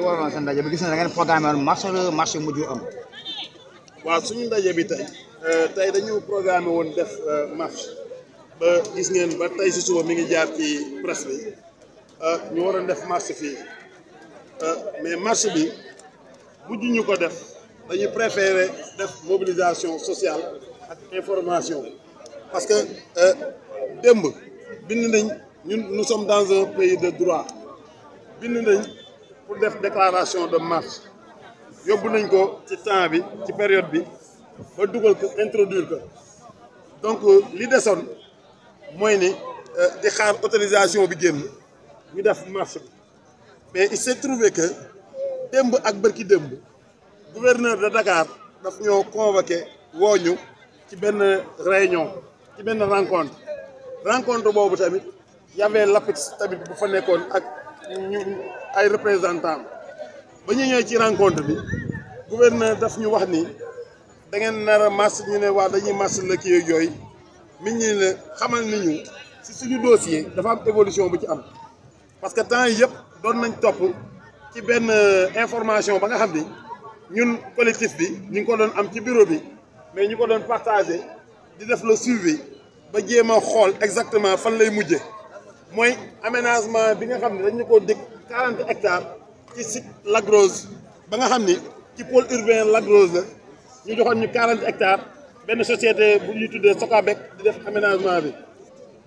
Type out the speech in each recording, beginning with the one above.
lu waroon seen ndaje bi gis na da ngeen programme woon marché marché mujj am. waaw suñu ndaje bi tey euh, tey dañu programme woon def euh, marche ba gis ngeen ba tey si suba mi ngi jaar ci presse bi euh, ñu waroon def marche fii mais marche bi mujj ñu ko def dañu préféré def mobilisation sociale ak information parce que démb bind nañ ñun nous dans un pays de droit bind nañ. pour def déclaration de marche yóbbu nañ ko ci temps bi ci période bi ba dugal ko introduire ko donc li desoon mooy ni euh, di xaar autorisation bi génn ñu def marche bi mais il s'est trouvé que démb ak bërki démb gouverneur de dakaar daf ñoo convoqué woo ci benn réunion ci benn rencontre rencontre boobu tamit y avait l'APEX tamit bu fa nekkoon ak ñu ay représentants ba ñu ñëwee ci rencontre bi gouverneur daf ñu wax ni da ngeen nar a mars ñu ne waa dañuy mars la kii yooyu nit ñi ne xamal ni ñu si suñu dossier dafa am évolution bu ci am parce que temps yëpp doon nañ topp ci benn euh, information ba nga xam ni ñun collectif bi ñu ngi ko doon am ci bureau bi mais ñu ko doon partagé di def le suivi ba jéem a xool exactement fan lay mujje mooy aménagement bi nga xam ne dañu ko dégg. 40 hectares ci site Lac Rose ba nga xam ni ci pôle urbain Lac Rose la ñu joxoon ñu quarante hectares benn société bu ñuy tuddee Socabek di def aménagement bi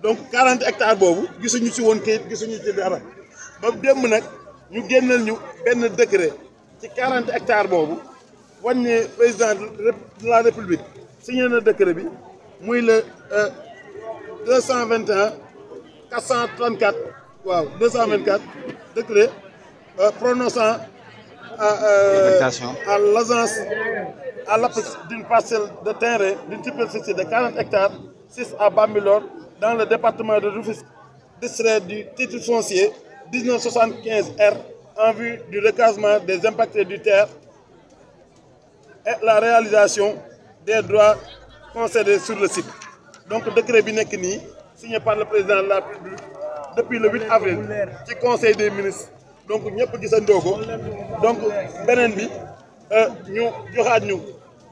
donc quarante hectares boobu gisuñu ci woon kayit gisuñu ci dara ba démb nag ñu génnal ñu benn décret ci quarante hectares boobu wàññi président de la république signé na décret bi muy le 221 euh, 434 waaw 224 décret euh, prononçant euh, euh, à l'agence à l'application d'une parcelle de terrain d'une superficie de 40 hectares 6 à Bambilor dans le département de Rufisque distrait du titre foncier 1975 R en vue du recasement des impactés du terre et la réalisation des droits concédés sur le site donc décret bi nekk nii signé par le président de depuis le 8 avril ci conseil des ministres donc ñëpp gisandoo ko donc beneen bi euh, ñu joxaat ñu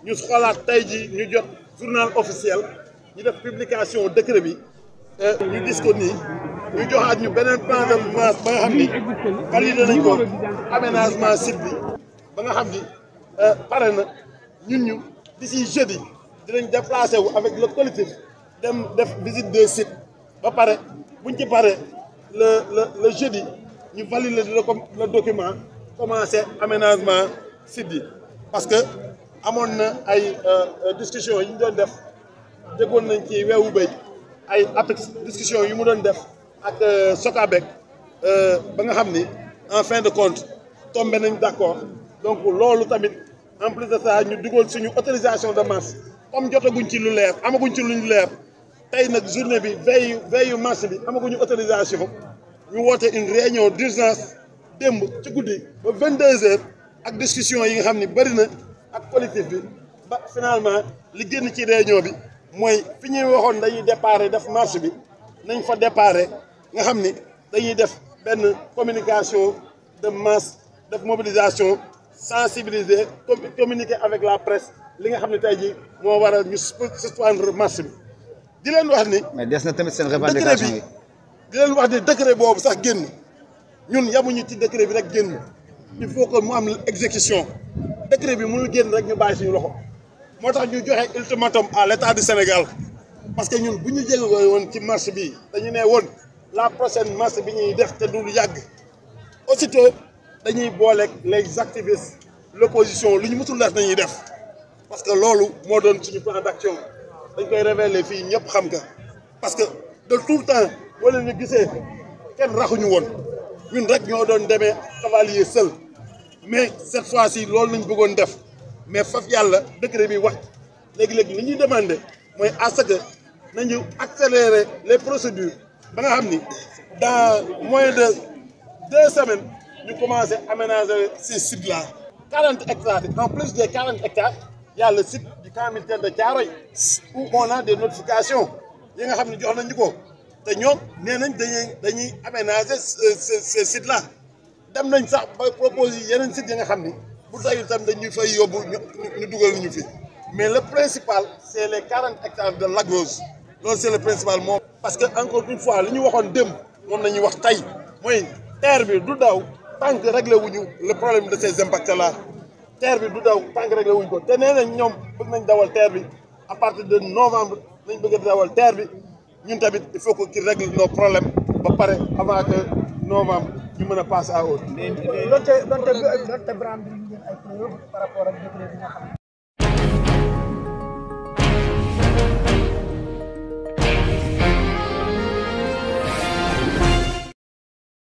ñu xoolaat tey ji ñu jot journal officiel ñu def publication décret bi euh, ñu gis ko nii ñu joxaat ñu beneen plan de mouvement ba nga xam ni ko aménagement site ba nga xam ni euh, pare na ñun ñu d'ici jeudi dinañ déplacé wu avec le collectif dem def visite des sites ba pare buñ ci paree le le le jeudi ñu valider le le document commencer aménagement site bi parce que amoon na ay euh, euh, discussion yi ñu doon def déggoon nañ ci weewu béy ay apex discussion yu mu doon def ak euh, Socabeg ba nga xam ni en fin de compte tombé nañ d'accord donc loolu tamit en plus de ça ñu dugal suñu autorisation de marche comme jotaguñ ci lu leer amaguñ ci luñ leer tey nag journée bi veille veille marché bi amaguñu autorisation ñu woote une réunion d'urgence démb ci guddi ba 22h ak discussion yi nga xam ni bëri na ak collectif bi ba finalement li génn ci réunion bi mooy fi ñuy waxoon dañuy déparé def marche bi nañ fa déparé nga xam ni dañuy def benn communication de masse def mobilisation sensibiliser communiquer avec la presse li nga xam ne tey jii moo waral ñu suspendre marche bi. di leen wax ni. mais des na tamit seen revendication yi di leen wax ni décret boobu sax génn ñun yamuñu ci décret bi rek génn il faut que mu am exécution décret bi mënul génn rek ñu bàyyi suñu loxo moo tax ñu joxe ultimatum à l' état du Sénégal parce que ñun bu ñu jéggi woon ci marche bi dañu ne woon la prochaine marché bi ñuy def te du yàgg aussitôt dañuy booleeg les activistes l' opposition lu ñu mësul def nañuy def parce que loolu moo doon suñu plan action. dañ koy révéler fii ñëpp xam nga parce que de tout le temps boo leen ñu gisee kenn raxuñu woon ñun rek ñoo doon demee cavalier seul mais cette fois si loolu lañ bëggoon def mais faf yàlla décret bi wax léegi-léegi li ñuy demande mooy à ce que nañu accélérer les procédures ba nga xam ni dans moins de deux semaines ñu commencé aménager ces sites là. 40 hectares en plus des 40 hectares yàlla a camp militaire de Thiaroye où on a des notifications yi nga xam ne jox nañu ko te ñoom nee nañ dañuy dañuy aménager ces sites là dem nañ sax ba proposer yeneen sites yi nga xam ni bu doyul tam dañuy fay yóbbu ñu dugal ñu fi mais le principal c' est les quarante hectares de Lac Rose loolu c' le principal moom. parce que encore une fois li ñu waxoon dém moom la ñuy wax tey mooy terre bi du daw tant que réglé wuñu le problème de ces impacts du daw tant que ko te ñoom. nañ dawal teer bi à partir de novembre nañ bëgg a dawal TER bi ñun tamit il faut que ki règle nos problèmes ba pare avant que novembre ñu mën a passer à autre.